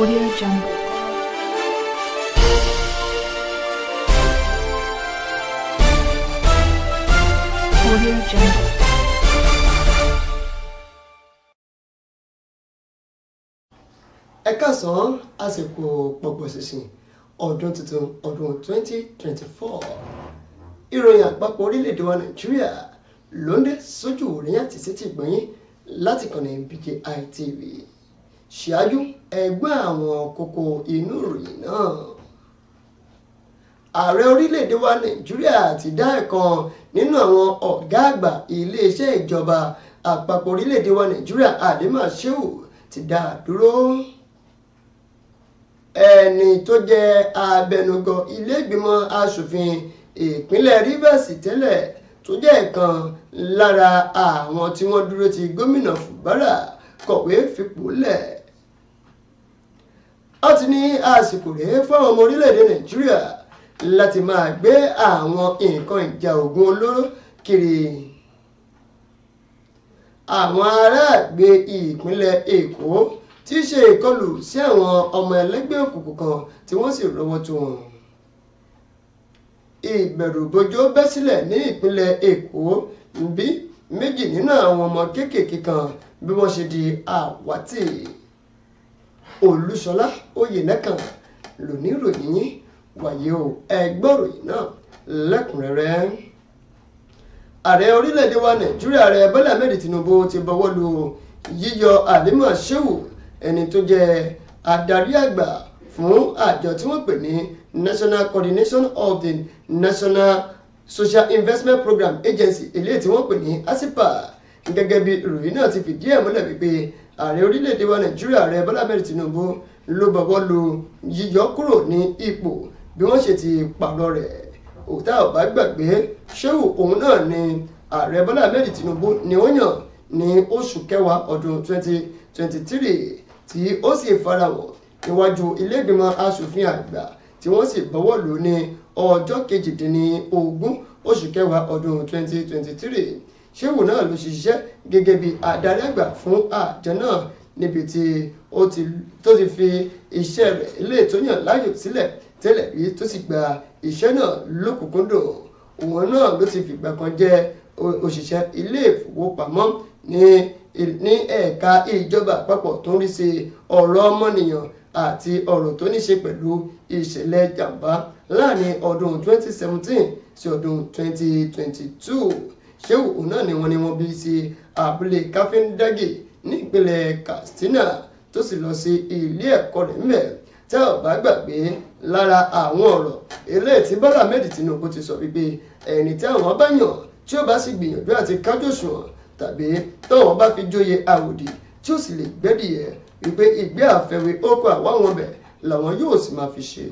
Audio Jungle. Audio Jungle. ẹ káàsán àsìkò pọ̀pọ̀ ṣìnṣìn ọdún tuntun ọdún 2024 ìròyìn àpapọ̀ orílẹ̀-èdè wa nàìjíríà ló ń dé sójú òrìyàn àti sétí ìgbọ̀nyín láti kàn ní ṣáájú ẹgbẹ́ àwọn kókó inú ìròyìn náà ààrẹ orílẹ̀-èdè wa nàìjíríà ti dá ẹ̀kan nínú àwọn ọ̀gá àgbà iléeṣẹ́ ìjọba àpapọ̀ orílẹ̀-èdè wa nàìjíríà Halima Shehu ti dá a dúró ẹni tó jẹ́ abẹnugan ilé ìgbìmọ̀ asòfin ìpínlẹ̀ Rivers tẹ́lẹ̀ tó jẹ́ ẹ̀kan lára àwọn tí wọ́n dúró ti gómìnà Fubara kọ̀wé fipò lẹ̀ ó ti ní àsìkò rèé fáwọn ọmọ orílẹ̀-èdè nàìjíríà láti máa gbé àwọn nǹkan ìjà ogun olóró kiri àwọn aráàgbé ìpínlẹ̀ èkó tí í ṣe ìkọlù sí àwọn ọmọ ẹlẹ́gbẹ́ òkùnkùn kan tí wọ́n sì rọ́wọ́ tó wọn ìbẹ̀rùbojo bẹ́ sílẹ̀ ní ìpínlẹ̀ èkó bí méjì nínú àwọn ọmọ kéékèèké kan bí wọ́n ṣe di àwátì olúṣọlá oyènẹkàn lóníròyìn yín wàyí o ẹgbọ́ròyìn náà lẹ́kùnrẹ́rẹ́ ààrẹ orílẹ̀-èdè wa nàìjíríà ààrẹ bọ́lá ahmed tinubu ti bọwọ́ lu yíyọ halima shehu ẹni tó jẹ́ adarí àgbà fún àjọ tí wọ́n pè ní national coordination of the national social investment program agency eléyìí tí wọ́n pè ní asipa gẹ́gẹ́ bí ìròyìn náà ti fìdí ẹ̀ múlẹ̀ wípé ààrẹ orílẹ̀-èdè wa nàìjíríà rẹ bọ́lá bẹ̀rẹ̀ tinubu ló bọ̀bọ̀ lu yíyọ kúrò ní ipò bí wọ́n ṣe ti pààrọ̀ rẹ̀ òkúta ọ̀bá gbàgbé ṣéwù òun náà ni ààrẹ bọ́lá bẹ̀rẹ̀ tinubu ni ó yàn ní oṣù kẹwàá ọdún 2023 tí ó sì farahàn níwájú ilé ìgbìmọ̀ asòfin àgbà tí wọ́n sì bọ̀wọ̀ lù ní ọjọ́ kejìdínlógún oṣù kẹwàá ọdún 2023 Shehu náà ló ṣiṣẹ́ gẹ́gẹ́ bí adarí àgbà fún àjọ náà níbi tí ó ti fi iṣẹ́ rẹ̀ ilé ìtòyàn láyò sílẹ̀ tẹ́lẹ̀ rí tó sì gba iṣẹ́ náà lókùnkúndùn òun náà ló ti fìgbà kan jẹ́ òṣìṣẹ́ ilé ìfowópamọ́ ní ní ẹ̀ka ìjọba àpapọ̀ tó ń rí sí ọ̀rọ̀ ọmọnìyàn àti ọ̀rọ̀ tó ní ṣe pẹ̀lú ìṣẹ̀lẹ̀ jàǹbá láàrin ọdún 2017 sí ọdún 2022 seu òun náà ni wọ́n ni wọ́n bí sí abúlé káfíńdàgì ní ìpínlẹ̀ Katsina tó sì lọ sí ilé ẹ̀kọ́ rẹ̀ ńbẹ̀ tẹ́ ò bá gbàgbé lára àwọn ọ̀rọ̀ eléyìí tí Bọ́lá Ahmed Tinubu ti sọ wípé ẹni tí àwọn bá yàn tí ó bá sì gbìyànjú àti kájú òṣùwọ̀n tàbí tọ́wọ́n bá fi jóye àwòdì tí ó sì lè gbẹ́dìyẹ wípé ìgbé àfẹ́wé ó kọ àwọn ọbẹ̀ làwọn yóò sì máa fi ṣe.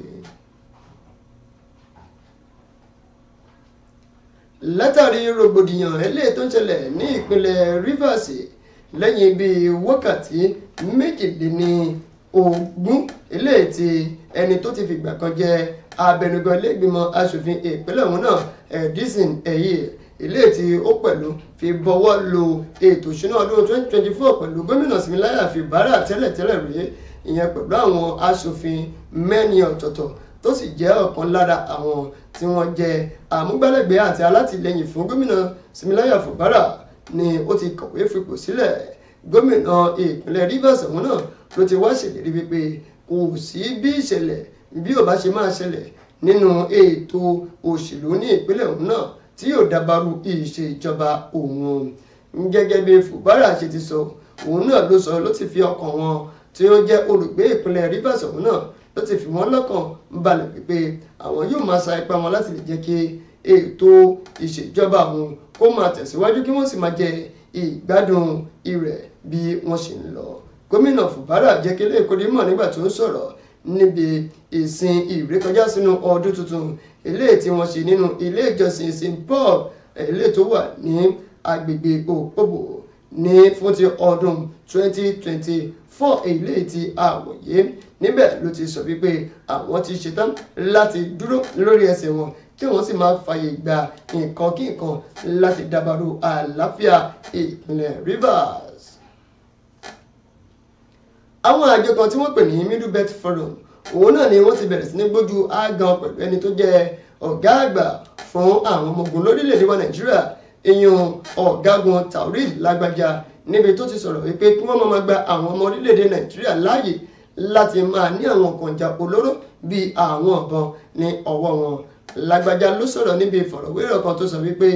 látàrí rògbòdìyàn eléyìí tó ń ṣẹlẹ̀ ní ìpínlẹ̀ Rivers lẹ́yìn bíi wákàtí méjìléní ogún eléyìí tí ẹni tó ti fìgbà kan jẹ abẹnugan ilégbìmọ̀ asòfin ìpínlẹ̀ ọ̀hún náà edison ẹ̀yẹ ilé tí ó pẹ̀lú fi bọ́wọ́ lù ètò ìṣúná ọdún 2024 pẹ̀lú gómìnà Similáyà Fìbárà tẹ́lẹ̀tẹ́lẹ̀ rí ìyẹn pẹ̀lú àwọn asòfin mẹ́ni ọ̀tọ̀ọ̀tọ̀ tó sì jẹ́ ọ̀kan lára àwọn tí wọ́n jẹ́ àmúgbálẹ́gbẹ̀ẹ́ àti alátìlẹyìn fún gómìnà Similáyà Fubara ni ó ti kọ̀wé fipò sílẹ̀ gómìnà ìpínlẹ̀ Rivers ọ̀hún náà ló ti wá ṣèlérí wípé kò sí bí ìṣẹ̀lẹ̀ bí ò bá ṣe máa ṣẹlẹ̀ nínú ètò òṣèlú ní ìpínlẹ̀ ọ̀hún náà tí yóò dabaru ìṣèjọba òun gẹ́gẹ́ bí Fubara ṣe ti sọ òun náà ló sọ ló ti fi ọkàn wọn tí ó jẹ́ olùgbé ìpínlẹ̀ Rivers ọ̀hún náà ló ti fi wọ́n lọ́kàn balẹ̀ pípé àwọn yóò máa sa ipá wọn láti lè jẹ́ kí ètò ìṣèjọba àwọn kó máa tẹ̀síwájú kí wọ́n sì máa jẹ ìgbádùn irẹ̀ bí wọ́n ṣe ń lọ. gómìnà fubara jẹ́ kí ilé ìkórè mọ̀ nígbà tó ń sọ̀rọ̀ níbi ìsìn ìrékọjá sínú ọdún tuntun eléyìí tí wọ́n ṣe nínú ilé ìjọsìn st paul eléyìí tó wà ní agbègbè òpópó ní fún ti ọdún 2020 fún ilé ti àwòyé níbẹ̀ ló ti sọ wípé àwọn ti ṣetán láti dúró lórí ẹsẹ̀ wọn tí wọ́n sì máa fààyè gba nǹkan kí nǹkan láti dàbàrò àlàáfíà ìpínlẹ̀ Rivers. àwọn àjọ kan tí wọ́n pè ní Middle Belt Forum òun náà ni wọ́n ti bẹ̀rẹ̀ sí ní gbójú àgàn pẹ̀lú ẹni tó jẹ́ ọ̀gá àgbà fún àwọn ọmọ ogun lórílẹ̀‐èdè wa Nàìjíríà ìyẹn ọ̀gágun Taoreed Lágbájá níbi tó ti sọ̀rọ̀ wípé kí wọ́n máa gba àwọn ọmọ orílẹ̀-èdè nàìjíríà láàyè láti máa ní àwọn kànjà olóró bíi àwọn ọ̀bọ̀n ní ọwọ́ wọn lágbájá ló sọ̀rọ̀ níbi ìfọ̀rọ̀wérọ̀ kan tó sọ wípé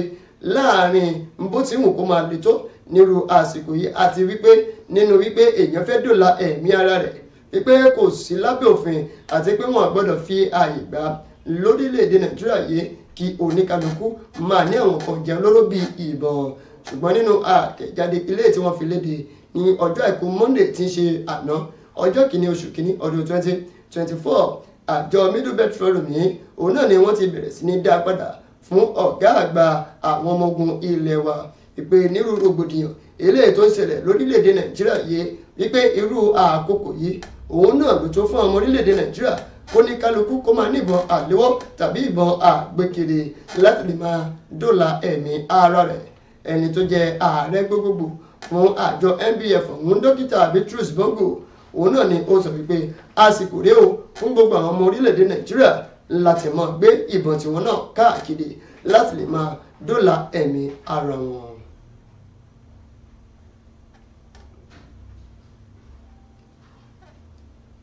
láàrin bó ti wù kó máa le tó nírú àsìkò yìí àti wípé nínú wípé èèyàn fẹ́ dòla ẹ̀mí ara rẹ̀ wípé kò sí lábẹ́ òfin àti pé wọn gbọ́dọ̀ fi ààyè gbà lórílẹ̀‐èdè nàìjíríà yìí kí oníkálukú máa ní àwọn kan jẹun lóró ìbọn ṣùgbọ́n nínú àtẹ̀jáde ilé tí wọ́n fi léde ní ọjọ́ àìkú monday tí ń ṣe àná ọjọ́ kìíní oṣù kìíní ọdún twenty twenty four àjọ middle belt forum yìí òun náà ni wọ́n ti bẹ̀rẹ̀ sí ní dá padà fún ọ̀gá àgbà àwọn ọmọ ogun ilé wa ìpè nírú rògbòdìyàn eléyìí tó ń ṣẹlẹ̀ lórílẹ̀‐èdè nàìjíríà yìí wípé irú àkókò yìí òun náà ló tó fún ọmọ orílẹ̀‐èdè nàìjíríà kó ní kálukú kó máa níbọn àléwọ́ tàbí ìbọn àgbékiri láti lè máa dóòlà ẹ̀mí ara rẹ̀ ẹni tó jẹ ààrẹ gbogbogbò fún àjọ NBF ọ̀hún dókítà Bitrus Bongo òun náà ni ó sọ wípé àsìkò rèé o fún gbogbo àwọn ọmọ orílẹ̀-èdè Nàìjíríà láti máa gbé ìbọn tiwọn náà káàkiri láti lè máa dóòlà ẹ̀mí ara wọn.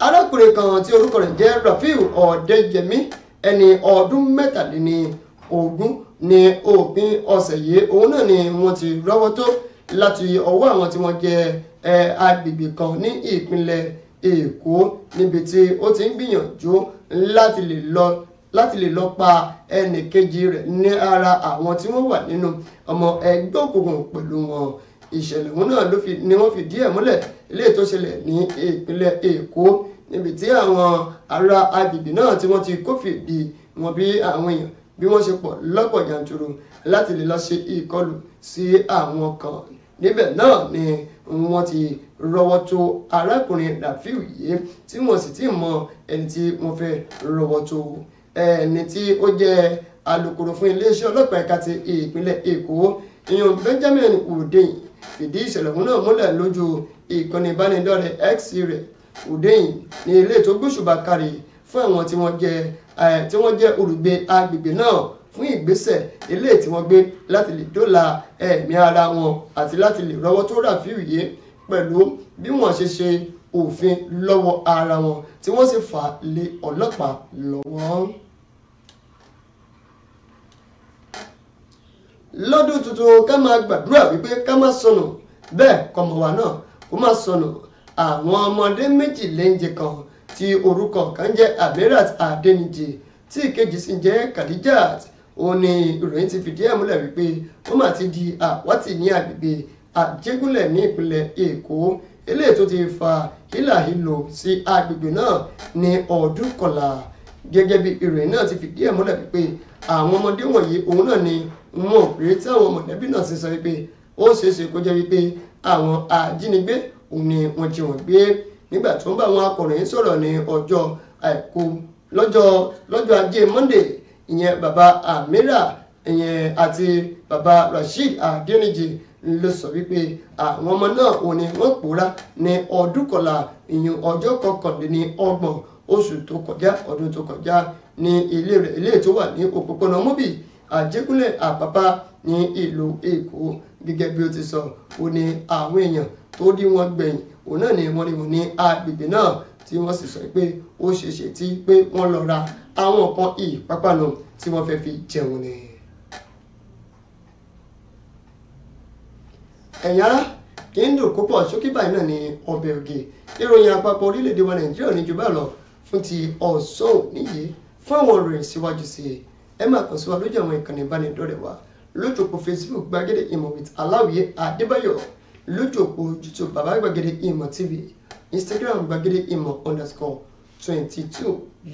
arákùnrin kan tí orúkọ rẹ̀ jẹ́ Rafiu Ọ̀dẹ́yẹmí ẹni ọdún mẹ́tàléní ní òpin ọ̀sẹ̀ yìí òun náà ni wọ́n ti rọ́wọ́ tó láti ọwọ́ àwọn tí wọ́n jẹ agbègbè kan ní ìpínlẹ̀ Èkó níbi tí ó ti ń gbìyànjú láti lè lọ láti lè lọ pa ẹnì kejì rẹ̀ ní ara àwọn tí wọ́n wà nínú ọmọ ẹgbẹ́ òkùnkùn pẹ̀lú wọn ìṣẹ̀lẹ̀ òun náà ni wọ́n fi díẹ̀ múlẹ̀ eléyìí tó ṣẹlẹ̀ ní ìpínlẹ̀ Èkó níbi tí àwọn ará agbègbè náà tí wọ́n ti kófìdí wọn bí àwọn èèyàn bí wọ́n ṣe pọ̀ lọ́pọ̀ yanturu láti lè lọ ṣe ìkọlù sí àwọn kan níbẹ̀ náà ni wọ́n ti rọwọ́ tó arákùnrin Rafiu yìí tí wọ́n sì ti mọ ẹni tí wọ́n fẹ́ rọwọ́ tó ẹni tí ó jẹ́ alukoro fún iléeṣẹ́ ọlọ́pàá ẹ̀ka ti ìpínlẹ̀ Èkó ìyọ̀n Benjamin Hundeyin fìdí ìṣẹ̀lẹ̀ ọ̀hún náà múlẹ̀ lójú ìkànnì ìbánidọ́rẹ̀ẹ́ X rẹ̀ Hundeyin ní ilé tó gbóṣùbà kárí fún àwọn tí wọ́n jẹ́ tí wọ́n jẹ́ olùgbé agbègbè náà fún ìgbésẹ̀ eléyìí tí wọ́n gbé láti lè dóòlà ẹ̀mí ara wọn àti láti lè rọ́wọ́ tó Rafiu yé pẹ̀lú bí wọ́n ṣe ṣe òfin lọ́wọ́ ara wọn tí wọ́n sì fà lé ọlọ́pàá lọ́wọ́. lọ́dún tuntun ká máa gbàdúrà wípé ká má sọnù bẹ́ẹ̀ kọ́mọ wa náà kó má sọnù àwọn ọmọdé méjì léńjẹ kan tí orúkọ kan jẹ́ Amirat Adeniji tí ìkejì sì jẹ́ Khadijat ó ní ìròyìn ti fìdí ẹ̀ múlẹ̀ wípé wọ́n mà ti di àwátì ní agbègbè àjẹgúnlẹ̀ ní ìpínlẹ̀ Èkó eléyìí tó ti fa hílàhílò sí agbègbè náà ní ọdún kọlà gẹ́gẹ́ bí ìròyìn náà ti fìdí ẹ̀ múlẹ̀ wípé àwọn ọmọdé wọ̀nyí òun náà ni wọn ò rí táwọn mọ̀lẹ́bí náà sì sọ wípé ó ṣeéṣe kó jẹ́ wípé àwọn ajínigbé òun ni wọ́n jí wọn gbé nígbà tó ń bá àwọn akọ̀ròyìn sọ̀rọ̀ ní ọjọ́ àìkú lọ́jọ́ lọ́jọ́ ajé Monday ìyẹn baba Amira ìyẹn àti baba Rasheed Adeniji ló sọ wípé àwọn ọmọ náà ò ní wọ́n pòórá ní ọdún kọlà ìyẹn ọjọ́ kọkànléní ọgbọ̀n oṣù tó kọjá ọdún tó kọjá ní ilé rẹ̀ ilé tó wà ní òpópónà Mubi Àjẹkúnlẹ̀ Àpápá ní ìlú Èkó gẹ́gẹ́ bí ó ti sọ ò ní àwọn èèyàn tó dí wọn gbẹ̀yìn òun náà ni wọ́n ní wọ́n ní agbègbè náà tí wọ́n sì sọ pé ó ṣeé ṣe tí pé wọ́n lọ ra àwọn nǹkan ìpápánu tí wọ́n fẹ́ fi jẹun ni. ẹ̀yin ará kì í dùn púpọ̀ ṣókí báyìí náà ni ọbẹ̀ ògè ìròyìn àpapọ̀ orílẹ̀-èdè wa nàìjíríà ní jù bá lọ fún ti ọ̀sán níyì fún àwọn ìròyìn síwájú sí i ẹ máa kàn sí wa lójú àwọn ìkànnì ìbánidọ́rẹ̀ẹ́ wa lójú òpó facebook gbàgede ìmọ̀ with aláwìyé adébáyọ̀ lójú òpó youtube bàbá gbàgede ìmọ̀ tv instagram gbàgede ìmọ̀ underscore twenty two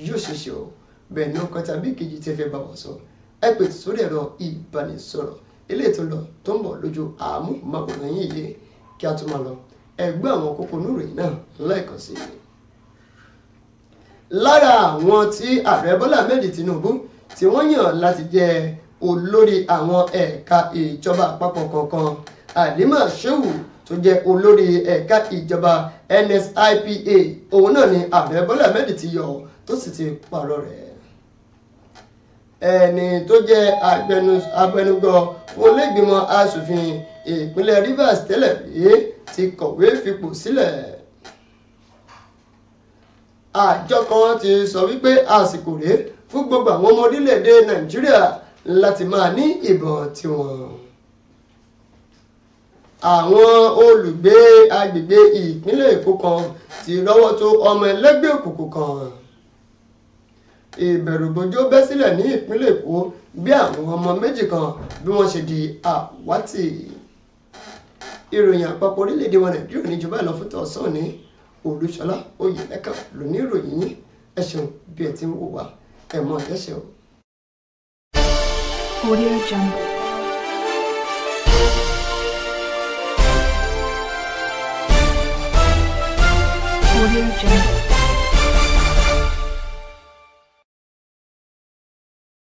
yóò ṣeṣe o bẹ́ẹ̀ ni ọkọ tàbí ìkejì tẹ́ fẹ́ bá wọn sọ ẹ pè sórí ẹ̀rọ ìbánisọ̀rọ̀ ilé ètò lọ tó ń bọ̀ lójú àmúhùnmáwòrán yìí yé kí a tó máa lọ ẹgbẹ́ àwọn kókó nùrè náà lẹ́ẹ̀kan sí i. lára àwọn tí ààrẹ bọ́lá ahmed tinubu tí wọ́n yàn láti jẹ olórí àwọn ẹ̀ka ìjọba àpapọ̀ kọ̀ọ̀kan Halima Shehu tó jẹ́ olórí ẹ̀ka ìjọba NSIPA òun náà ni ààrẹ Bọ́lá Ahmed ti yọ tó sì ti pààrọ̀ rẹ̀ ẹni tó jẹ́ abẹnugọ olẹ́gbìmọ̀ asòfin ìpínlẹ̀ Rivers tẹ́lẹ̀ rí ti kọ̀wé fipò sílẹ̀. àjọ kan ti sọ wípé àsìkò rèé fún gbogbo àwọn ọmọ orílẹ̀-èdè Nàìjíríà láti máa ní ìbọn tiwọn àwọn olùgbé agbègbè ìpínlẹ̀ èkó kan ti rọ́wọ́ tó ọmọ ẹlẹ́gbẹ́ òkùnkùn kan ìbẹ̀rùbojo bẹ́ sílẹ̀ ní ìpínlẹ̀ èkó bí àwọn ọmọ méjì kan bí wọ́n ṣe di àwátì ìròyìn àpapọ̀ orílẹ̀-èdè wa nàìjíríà níjọba ìlọ́fútọ̀ ọ̀sán ní olúṣọlá oyèlẹ́kà lóní ìròyìn yín ẹ ṣeun bí ẹ ti ń wò wá ẹ mọ ẹ ṣeun. Audio Jungle. Audio Jungle.